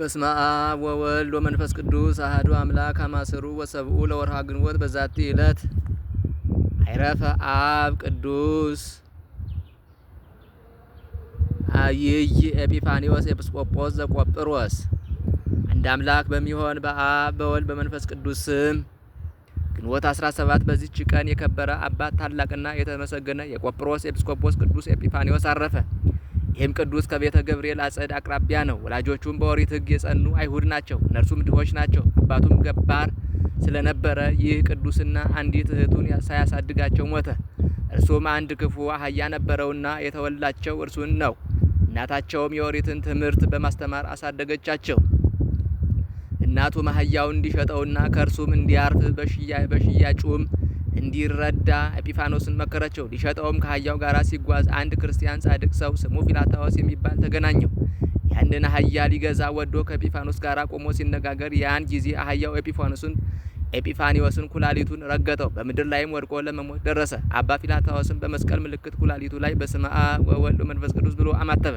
በስመ አብ ወወልድ ወመንፈስ ቅዱስ አህዱ አምላክ አማስሩ ወሰብኡ ለወርሃ ግንቦት በዛቲ ዕለት አይረፈ አብ ቅዱስ አይይ ኤጲፋኒዎስ ኤጲስቆጶስ ዘቆጵሮስ። አንድ አምላክ በሚሆን በአብ በወልድ በመንፈስ ቅዱስ ስም ግንቦት 17 በዚች ቀን የከበረ አባት ታላቅና የተመሰገነ የቆጵሮስ ኤጲስቆጶስ ቅዱስ ኤጲፋኒዎስ አረፈ። ይህም ቅዱስ ከቤተ ገብርኤል አጸድ አቅራቢያ ነው። ወላጆቹም በኦሪት ሕግ የጸኑ አይሁድ ናቸው። እነርሱም ድሆች ናቸው። አባቱም ገባር ስለነበረ ይህ ቅዱስና አንዲት እህቱን ሳያሳድጋቸው ሞተ። እርሱም አንድ ክፉ አህያ ነበረውና የተወላቸው እርሱን ነው። እናታቸውም የኦሪትን ትምህርት በማስተማር አሳደገቻቸው። እናቱም አህያውን እንዲሸጠውና ከእርሱም እንዲያርፍ በሽያጩም እንዲረዳ ኤጲፋኖስን መከረቸው። ሊሸጠውም ከአህያው ጋር ሲጓዝ አንድ ክርስቲያን ጻድቅ ሰው ስሙ ፊላታዎስ የሚባል ተገናኘው። ያንን አህያ ሊገዛ ወዶ ከኤጲፋኖስ ጋር ቆሞ ሲነጋገር ያን ጊዜ አህያው ኤጲፋኖስን ኤጲፋኒዎስን ኩላሊቱን ረገጠው። በምድር ላይም ወድቆ ለመሞት ደረሰ። አባ ፊላታዎስን በመስቀል ምልክት ኩላሊቱ ላይ በስመ አብ ወወልድ ወመንፈስ ቅዱስ ብሎ አማተበ።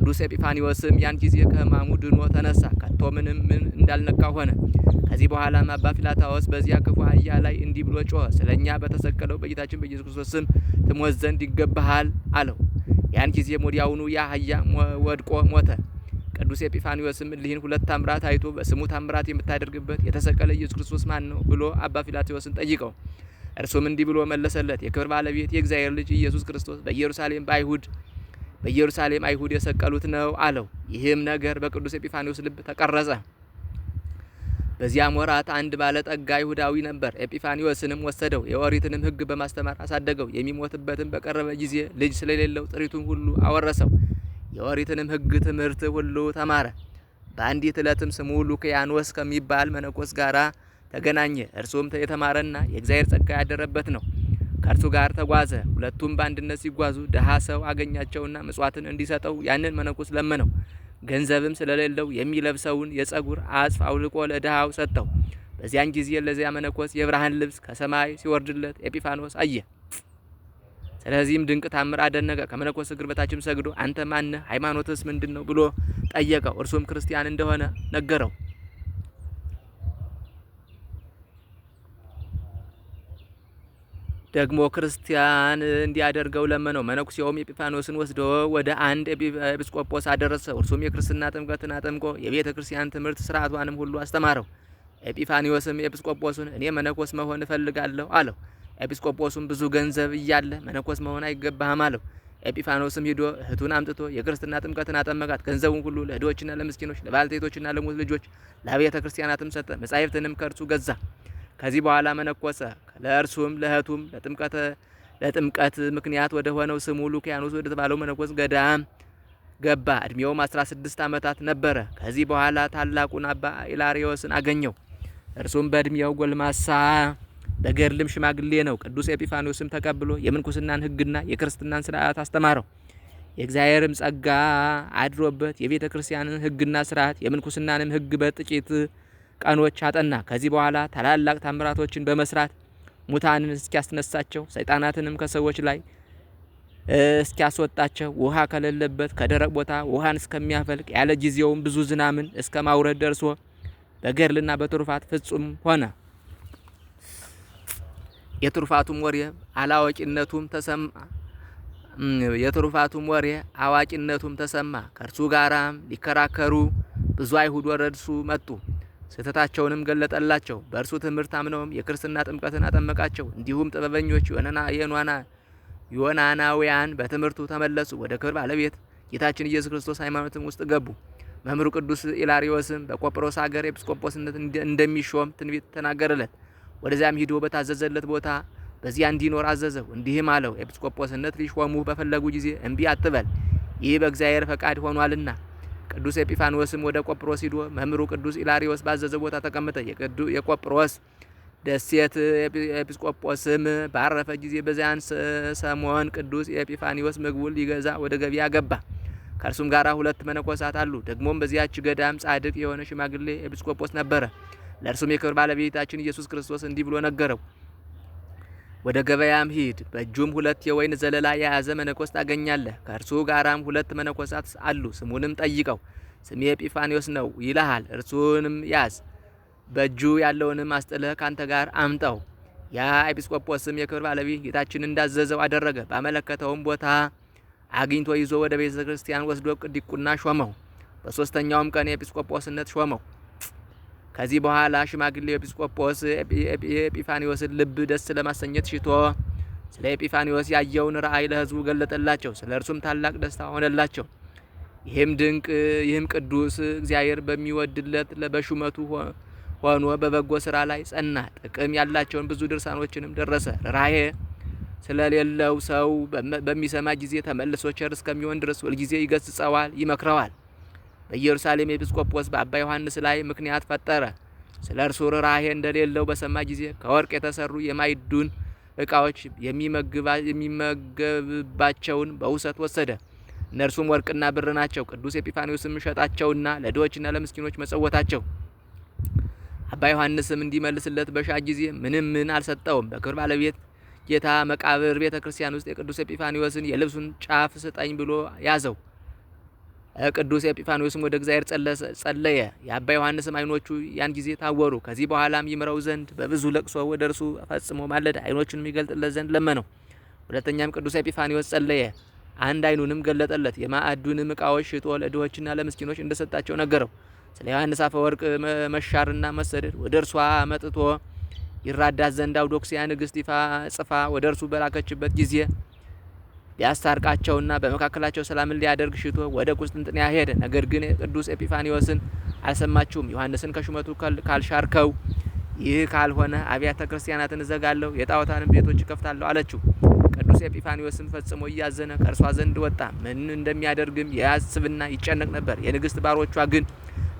ቅዱስ ኤጲፋኒዎስም ያን ጊዜ ከሕማሙ ድኖ ተነሳ፣ ከቶ ምንም ምን እንዳልነካ ሆነ። ከዚህ በኋላም አባ ፊላታዎስ በዚያ ክፉ አህያ ላይ እንዲህ ብሎ ጮኸ፣ ስለ እኛ በተሰቀለው በጌታችን በኢየሱስ ክርስቶስ ስም ትሞት ዘንድ ይገባሃል አለው። ያን ጊዜም ወዲያውኑ ያ አህያ ወድቆ ሞተ። ቅዱስ ኤጲፋኒዎስም እሊህን ሁለት ታምራት አይቶ በስሙ ታምራት የምታደርግበት የተሰቀለ ኢየሱስ ክርስቶስ ማን ነው ብሎ አባ ፊላታዎስን ጠይቀው፣ እርሱም እንዲህ ብሎ መለሰለት፣ የክብር ባለቤት የእግዚአብሔር ልጅ ኢየሱስ ክርስቶስ በኢየሩሳሌም በአይሁድ በኢየሩሳሌም አይሁድ የሰቀሉት ነው አለው። ይህም ነገር በቅዱስ ኤጲፋኒዎስ ልብ ተቀረጸ። በዚያም ወራት አንድ ባለጠጋ አይሁዳዊ ነበር። ኤጲፋኒዎስንም ወሰደው፣ የኦሪትንም ሕግ በማስተማር አሳደገው። የሚሞትበትም በቀረበ ጊዜ ልጅ ስለሌለው ጥሪቱን ሁሉ አወረሰው። የኦሪትንም ሕግ ትምህርት ሁሉ ተማረ። በአንዲት ዕለትም ስሙ ሉኪያኖስ ከሚባል መነኮስ ጋራ ተገናኘ። እርሱም የተማረና የእግዚአብሔር ጸጋ ያደረበት ነው። ከእርሱ ጋር ተጓዘ። ሁለቱም በአንድነት ሲጓዙ ድሃ ሰው አገኛቸውና ምጽዋትን እንዲሰጠው ያንን መነኩስ ለመነው። ገንዘብም ስለሌለው የሚለብሰውን የጸጉር አጽፍ አውልቆ ለድሃው ሰጠው። በዚያን ጊዜ ለዚያ መነኮስ የብርሃን ልብስ ከሰማይ ሲወርድለት ኤጲፋኖስ አየ። ስለዚህም ድንቅ ታምር አደነቀ። ከመነኮስ እግር በታችም ሰግዶ አንተ ማነህ? ሃይማኖትስ ምንድን ነው ብሎ ጠየቀው። እርሱም ክርስቲያን እንደሆነ ነገረው። ደግሞ ክርስቲያን እንዲያደርገው ለመነው። መነኩሴውም ኤጲፋኖስን ወስዶ ወደ አንድ ኤጲስቆጶስ አደረሰው። እርሱም የክርስትና ጥምቀትን አጠምቆ የቤተ ክርስቲያን ትምህርት ስርዓቷንም ሁሉ አስተማረው። ኤጲፋኒዎስም ኤጲስቆጶሱን እኔ መነኮስ መሆን እፈልጋለሁ አለው። ኤጲስቆጶሱም ብዙ ገንዘብ እያለ መነኮስ መሆን አይገባህም አለው። ኤጲፋኖስም ሂዶ እህቱን አምጥቶ የክርስትና ጥምቀትን አጠመቃት። ገንዘቡን ሁሉ ለድሆችና ለምስኪኖች፣ ለባልቴቶችና ለሙት ልጆች፣ ለቤተ ክርስቲያናትም ሰጠ። መጻሕፍትንም ከእርሱ ገዛ። ከዚህ በኋላ መነኮሰ። ለእርሱም ለእህቱም ለጥምቀተ ለጥምቀት ምክንያት ወደ ሆነው ስሙ ሉኪያኖስ ወደ ተባለው መነኮስ ገዳም ገባ። እድሜውም 16 ዓመታት ነበረ። ከዚህ በኋላ ታላቁን አባ ኢላሪዮስን አገኘው። እርሱም በእድሜው ጎልማሳ በገድልም ሽማግሌ ነው። ቅዱስ ኤጲፋኒዎስም ተቀብሎ የምንኩስናን ሕግና የክርስትናን ስርዓት አስተማረው። የእግዚአብሔርም ጸጋ አድሮበት የቤተ ክርስቲያንን ሕግና ስርዓት የምንኩስናንም ሕግ በጥቂት ቀኖች አጠና። ከዚህ በኋላ ታላላቅ ታምራቶችን በመስራት ሙታንን እስኪያስነሳቸው ሰይጣናትንም ከሰዎች ላይ እስኪያስወጣቸው ውሃ ከሌለበት ከደረቅ ቦታ ውሃን እስከሚያፈልቅ ያለ ጊዜውም ብዙ ዝናምን እስከ ማውረድ ደርሶ በገርልና በትሩፋት ፍጹም ሆነ። የትሩፋቱም ወሬ አላዋቂነቱም ተሰማ። የትሩፋቱም ወሬ አዋቂነቱም ተሰማ። ከእርሱ ጋራም ሊከራከሩ ብዙ አይሁድ ወደ እርሱ መጡ። ስህተታቸውንም ገለጠላቸው። በእርሱ ትምህርት አምነውም የክርስትና ጥምቀትን አጠመቃቸው። እንዲሁም ጥበበኞች ዮናናውያን በትምህርቱ ተመለሱ። ወደ ክብር ባለቤት ጌታችን ኢየሱስ ክርስቶስ ሃይማኖትም ውስጥ ገቡ። መምህሩ ቅዱስ ኢላሪዮስም በቆጵሮስ ሀገር ኤጲስቆጶስነት እንደሚሾም ትንቢት ተናገረለት። ወደዚያም ሂዶ በታዘዘለት ቦታ በዚያ እንዲኖር አዘዘው። እንዲህም አለው፣ ኤጲስቆጶስነት ሊሾሙህ በፈለጉ ጊዜ እምቢ አትበል፣ ይህ በእግዚአብሔር ፈቃድ ሆኗልና ቅዱስ ኤጲፋንዎስም ወደ ቆጵሮስ ሂዶ መምህሩ ቅዱስ ኢላሪዮስ ባዘዘ ቦታ ተቀመጠ። የቆጵሮስ ደሴት ኤጲስቆጶስም ባረፈ ጊዜ በዚያን ሰሞን ቅዱስ ኤጲፋኒዎስ ምግቡን ሊገዛ ወደ ገበያ ገባ። ከእርሱም ጋር ሁለት መነኮሳት አሉ። ደግሞም በዚያች ገዳም ጻድቅ የሆነ ሽማግሌ ኤጲስቆጶስ ነበረ። ለእርሱም የክብር ባለቤታችን ኢየሱስ ክርስቶስ እንዲህ ብሎ ነገረው ወደ ገበያም ሂድ፣ በእጁም ሁለት የወይን ዘለላ የያዘ መነኮስ ታገኛለህ። ከእርሱ ጋራም ሁለት መነኮሳት አሉ። ስሙንም ጠይቀው፣ ስሜ ኤጲፋኒዎስ ነው ይልሃል። እርሱንም ያዝ፣ በእጁ ያለውንም አስጥለህ ካንተ ጋር አምጠው። ያ ኤጲስቆጶስም የክብር ባለቤት ጌታችን እንዳዘዘው አደረገ። ባመለከተውም ቦታ አግኝቶ ይዞ ወደ ቤተ ክርስቲያን ወስዶ ዲቁና ሾመው። በሦስተኛውም ቀን የኤጲስቆጶስነት ሾመው። ከዚህ በኋላ ሽማግሌው ኤጲስቆጶስ የኤጲፋኒዎስን ልብ ደስ ለማሰኘት ሽቶ ስለ ኤጲፋኒዎስ ያየውን ራእይ ለህዝቡ ገለጠላቸው። ስለ እርሱም ታላቅ ደስታ ሆነላቸው። ይህም ድንቅ ይህም ቅዱስ እግዚአብሔር በሚወድለት በሹመቱ ሆኖ በበጎ ስራ ላይ ጸና። ጥቅም ያላቸውን ብዙ ድርሳኖችንም ደረሰ። ራሄ ስለሌለው ሰው በሚሰማ ጊዜ ተመልሶ ቸር እስከሚሆን ድረስ ሁልጊዜ ይገስጸዋል፣ ይመክረዋል። በኢየሩሳሌም ኤጲስቆጶስ በአባ ዮሐንስ ላይ ምክንያት ፈጠረ። ስለ እርሱ ርኅራኄ እንደሌለው በሰማ ጊዜ ከወርቅ የተሰሩ የማይዱን ዕቃዎች የሚመገብባቸውን በውሰት ወሰደ። እነርሱም ወርቅና ብር ናቸው። ቅዱስ ኤጲፋኒዎስም ሸጣቸውና ለድሆችና ለምስኪኖች መጸወታቸው። አባ ዮሐንስም እንዲመልስለት በሻ ጊዜ ምንም ምን አልሰጠውም። በክብር ባለቤት ጌታ መቃብር ቤተ ክርስቲያን ውስጥ የቅዱስ ኤጲፋኒዎስን የልብሱን ጫፍ ስጠኝ ብሎ ያዘው። ቅዱስ ኤጲፋኒዎስም ወደ እግዚአብሔር ጸለየ። የአባ ዮሐንስም አይኖቹ ያን ጊዜ ታወሩ። ከዚህ በኋላም ይምረው ዘንድ በብዙ ለቅሶ ወደ እርሱ ፈጽሞ ማለደ። አይኖቹን ይገልጥለት ዘንድ ለመነው። ሁለተኛም ቅዱስ ኤጲፋኒዎስ ጸለየ። አንድ አይኑንም ገለጠለት። የማዕዱንም እቃዎች ሽጦ ለድሆችና ለምስኪኖች እንደሰጣቸው ነገረው። ስለ ዮሐንስ አፈወርቅ መሻርና መሰደድ ወደ እርሷ መጥቶ ይራዳት ዘንድ አውዶክሲያ ንግሥት ይፋ ጽፋ ወደ እርሱ በላከችበት ጊዜ ቢያስታርቃቸውና በመካከላቸው ሰላምን ሊያደርግ ሽቶ ወደ ቁስጥንጥንያ ሄደ። ነገር ግን ቅዱስ ኤጲፋኒዎስን አልሰማችሁም። ዮሐንስን ከሹመቱ ካልሻርከው፣ ይህ ካልሆነ አብያተ ክርስቲያናትን እዘጋለሁ፣ የጣዖታንም ቤቶች እከፍታለሁ አለችው። ቅዱስ ኤጲፋኒዎስም ፈጽሞ እያዘነ ከእርሷ ዘንድ ወጣ። ምን እንደሚያደርግም ያስብና ይጨነቅ ነበር። የንግስት ባሮቿ ግን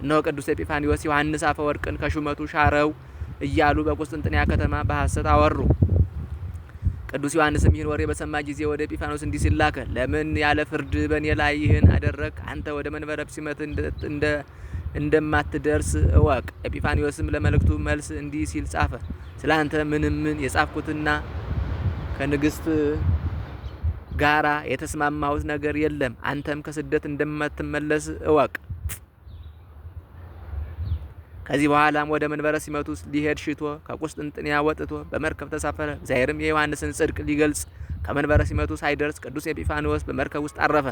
እነሆ ቅዱስ ኤጲፋኒዎስ ዮሐንስ አፈወርቅን ከሹመቱ ሻረው እያሉ በቁስጥንጥንያ ከተማ በሐሰት አወሩ። ቅዱስ ዮሐንስም ይህን ወሬ በሰማ ጊዜ ወደ ኤጲፋኖስ እንዲህ ሲል ላከ። ለምን ያለ ፍርድ በእኔ ላይ ይህን አደረግ? አንተ ወደ መንበረ ሲመት እንደ እንደማትደርስ እወቅ። ኤጲፋኒዎስም ለመልእክቱ መልስ እንዲህ ሲል ጻፈ። ስለ አንተ ምንም ምን የጻፍኩትና ከንግስት ጋራ የተስማማሁት ነገር የለም። አንተም ከስደት እንደማትመለስ እወቅ። ከዚህ በኋላም ወደ መንበረ ሲመቱ ሊሄድ ሽቶ ከቁስጥንጥንያ ወጥቶ በመርከብ ተሳፈረ። እግዚአብሔርም የዮሐንስን ጽድቅ ሊገልጽ ከመንበረ ሲመቱ ሳይደርስ ቅዱስ ኤጲፋንዮስ በመርከብ ውስጥ አረፈ።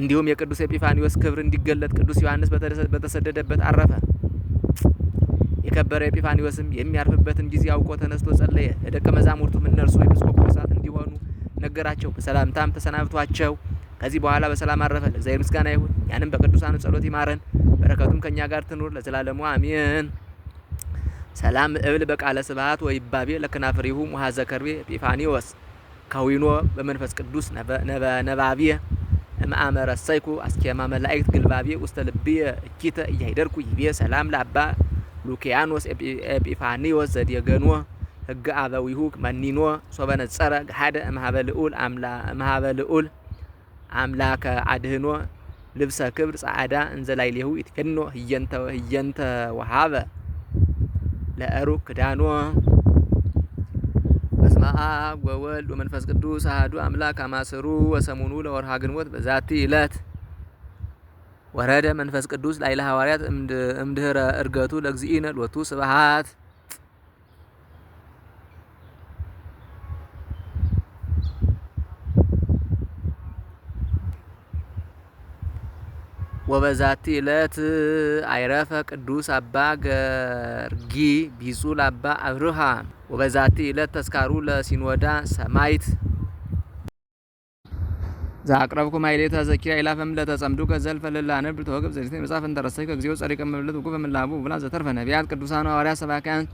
እንዲሁም የቅዱስ ኤጲፋንዮስ ክብር እንዲገለጥ ቅዱስ ዮሐንስ በተሰደደበት አረፈ። የከበረ ኤጲፋንዮስም የሚያርፍበትን ጊዜ አውቆ ተነስቶ ጸለየ። ለደቀ መዛሙርቱም እነርሱ ኤጲስቆጶሳት እንዲሆኑ ነገራቸው። በሰላምታም ተሰናብቷቸው ከዚህ በኋላ በሰላም አረፈ። ለእግዚአብሔር ምስጋና ይሁን። ያንም በቅዱሳኑ ጸሎት ይማረን፣ በረከቱም ከእኛ ጋር ትኑር ለዘላለሙ አሜን። ሰላም እብል በቃለ ስብሐት ወይባቤ ለከናፍሪሁ ሙሐዘ ዘከርቤ ኤጲፋኒዎስ ካዊኖ በመንፈስ ቅዱስ ነባቤ ማአመረ ሰይኩ አስኬማ መላእክት ግልባቤ ውስተ ልቤ እኪተ እያይደርኩ ይቤ ሰላም ለአባ ሉኪያኖስ ኤጲፋኒዎስ ዘዴገኖ ህግ አበዊሁ መኒኖ ሶበነጸረ ገሃደ እምሃበ ልዑል አምላከ አድህኖ ልብሰ ክብር ጻዕዳ እንዘላይ ሌሁ ይትፌኖ ህየንተ ህየንተ ወሃበ ለእሩቅ ክዳኖ በስመ አብ ወወልድ ወመንፈስ ቅዱስ አሐዱ አምላክ አማስሩ ወሰሙኑ ለወርሃ ግንቦት በዛቲ ዕለት ወረደ መንፈስ ቅዱስ ላይ ሐዋርያት እምድህረ እርገቱ ለእግዚእነ ሎቱ ስብሐት ወበዛቲ ዕለት አይረፈ ቅዱስ አባ ገርጊ ቢጹል አባ አብርሃ ወበዛቲ ዕለት ተስካሩ ለሲኖዳ ሰማይት ዛቅረብኩ ማይሌታ ዘኪራ ኢላፈም ለተጸምዱ ከዘልፈ ለላነብ ተወግብ ዘሪት መጻፍ እንተረሰይ ከግዚኦ ጸሪቀ መብለት ወቁ በመላቡ ብላ ዘተርፈ ነቢያት ቅዱሳን ሐዋርያ ሰባካያን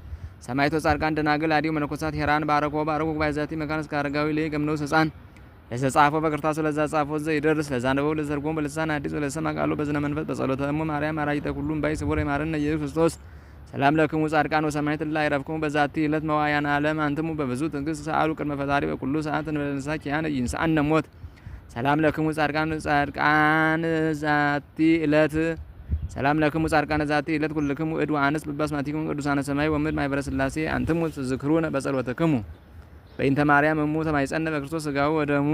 ሰማይቶ ጻድቃን ደናግል አዲው መነኮሳት ሄራን ባረኮ ባረኮ ዘቲ መካንስ ካረጋዊ ለይ ገምነው ሰጻን ጻፎ በክርታስ ለዛ ጻፈው ዘይደርስ ለዛነበው ለዘርጎም በልሳን አዲስ ለሰማ ቃሉ በዝነ መንፈስ በጸሎተ እሙ ማርያም አራጅተ ሁሉም ባይ ስቡር የማረነ ኢየሱስ ክርስቶስ ሰላም ለክሙ ጻድቃን ወሰማዕት ላይ ረፍክሙ በዛቲ ዕለት መዋያን ዓለም አንትሙ በብዙ ጥንቅስ ሰአሉ ቅድመ ፈጣሪ በኩሉ ሰዓት እንበለንሳ ኪያነ ይንሳአነ ሞት ሰላም ለክሙ ጻድቃን ጻድቃን ዛቲ ዕለት ሰላም ለክሙ ጻድቃን ዛቲ ዕለት ኩልክሙ እድ ወአንስ ብባስማቲክሙ ቅዱሳነ ሰማይ ወምድር ማኅበረ ሥላሴ አንትሙ ትዝክሩነ በጸሎተክሙ በእንተ ማርያም እሙ ተማይጸነ በክርስቶስ ስጋው ወደሙ